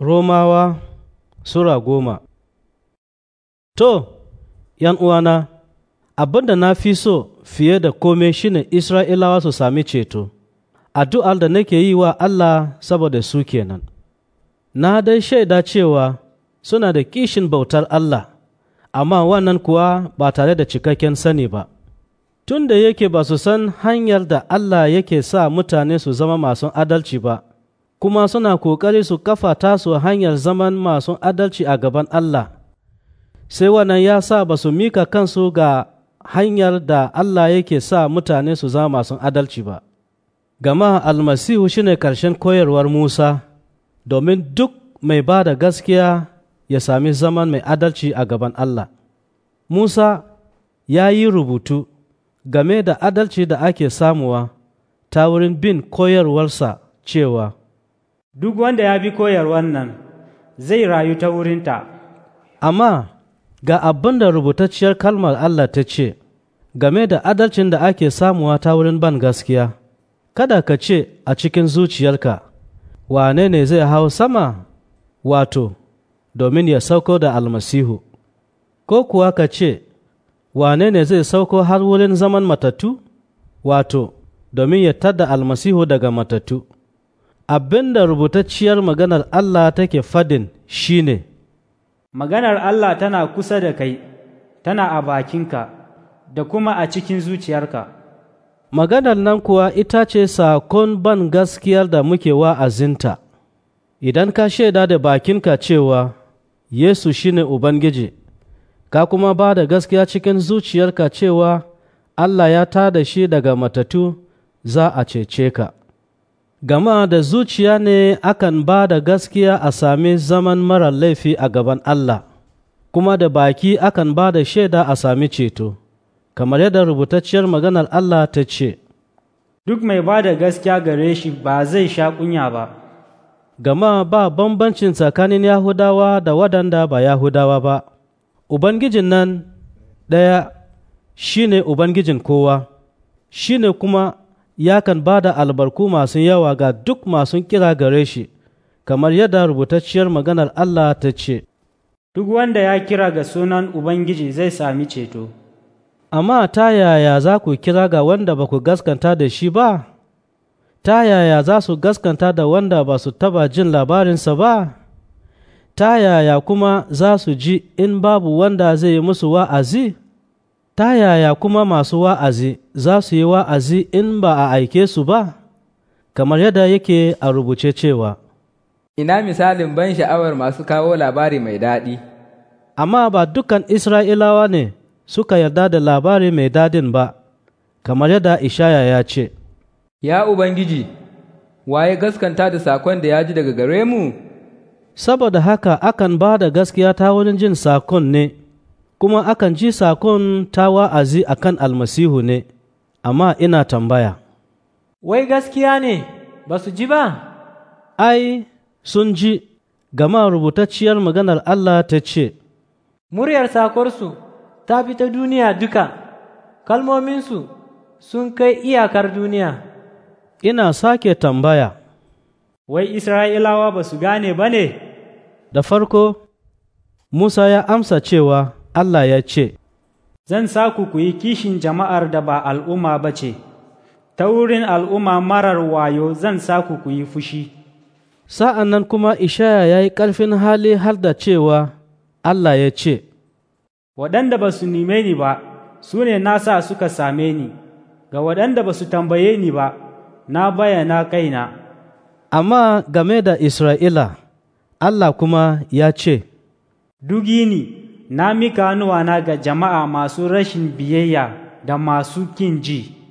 Romawa Sura goma To, ’yan uwana, abin da na fi so fiye da kome shine Isra'ilawa su sami ceto, addu'ar da nake yi wa Allah saboda su kenan. Na dai shaida cewa suna da kishin bautar Allah, amma wannan kuwa ba tare da cikakken sani ba. Tun da yake ba su san hanyar da Allah yake sa mutane su zama masu adalci ba. kuma suna ƙoƙari su kafa tasu hanyar zaman masu adalci a gaban Allah, sai wannan ya sa ba su mika kansu ga hanyar da Allah yake sa mutane su zama masu adalci ba. Gama almasihu shine ƙarshen koyarwar Musa, domin duk mai ba da gaskiya ya sami zaman mai adalci a gaban Allah. Musa ya yi rubutu game da adalci da ake samuwa ta wurin bin koyarwarsa cewa. duk wanda ya bi koyarwar nan zai rayu ta wurinta. Amma ga abin da rubutacciyar kalmar Allah ta ce game da adalcin da ake samuwa ta wurin ban gaskiya, kada ka ce a cikin zuciyarka, wane ne zai hau sama wato, domin ya sauko da almasihu, ko kuwa ka ce, wane ne zai sauko har wurin zaman matatu?', wato, domin ya tada almasihu daga matatu. abin da rubutacciyar maganar Allah take fadin shine maganar Allah tana kusa da kai tana a bakinka da kuma a cikin zuciyarka maganar nan kuwa ita ce sakon ban gaskiyar da muke wa'azinta idan ka shaida da bakinka cewa Yesu shine Ubangiji ka kuma ba da gaskiya cikin zuciyarka cewa Allah ya tada shi daga matatu za a cece ka. gama da zuciya ne akan ba da gaskiya a sami zaman marar laifi a gaban Allah, kuma da baki akan ba da shaida a sami ceto, kamar yadda rubutacciyar maganar Allah ta ce, Duk mai ba da gaskiya gare shi ba zai sha kunya ba. Gama ba bambancin tsakanin Yahudawa da waɗanda ba Yahudawa ba, Ubangijin nan ɗaya shi ne Ubangijin kowa, shi ne kuma ya kan ba da albarku masu yawa ga duk masu kira gare shi, kamar yadda rubutacciyar maganar Allah ta ce, Duk wanda ya kira ga sunan Ubangiji zai sami ceto. Amma ta yaya za ku kira ga wanda ba ku gaskanta da shi ba? Ta yaya za su gaskanta da wanda ba su taba jin labarinsa ba? Ta yaya kuma za su ji in babu wanda zai yi musu wa'azi? ta yaya kuma masu wa'azi za su yi wa'azi in ba a aike su ba kamar yadda yake a rubuce cewa ina misalin ban sha'awar masu kawo labari mai daɗi amma ba dukan isra'ilawa ne suka yarda da labari mai daɗin ba kamar yadda ishaya ya ce ya ubangiji waye gaskanta da sakon da ya ji daga gare mu saboda haka akan ba da gaskiya ta wurin jin sakon ne kuma akan ji sakon ta wa'azi a kan almasihu ne, amma ina tambaya. Wai gaskiya ne, ba su ji ba? Ai, sun ji, gama rubutacciyar maganar Allah ta ce, Muryar sakorsu ta fi ta duniya duka, kalmominsu sun kai iyakar duniya. Ina sake tambaya. Wai Isra'ilawa ba su gane ba ne? Da farko, Musa ya amsa cewa, Allah ya ce, Zan sa ku ku yi kishin jama'ar da ba al'umma ba ce, ta wurin al'umma marar wayo zan sa ku ku yi fushi. Sa'an nan kuma Ishaya ya yi ƙarfin hali har da cewa Allah ya ce, Waɗanda ba su nime ni ba, su ne na sa suka same ni, ga waɗanda ba su tambaye ni ba, na bayyana kaina. Amma game da Isra'ila, Allah kuma ya ce, Dugi ni. na mika hannuwana ga jama'a masu rashin biyayya da masu kin ji.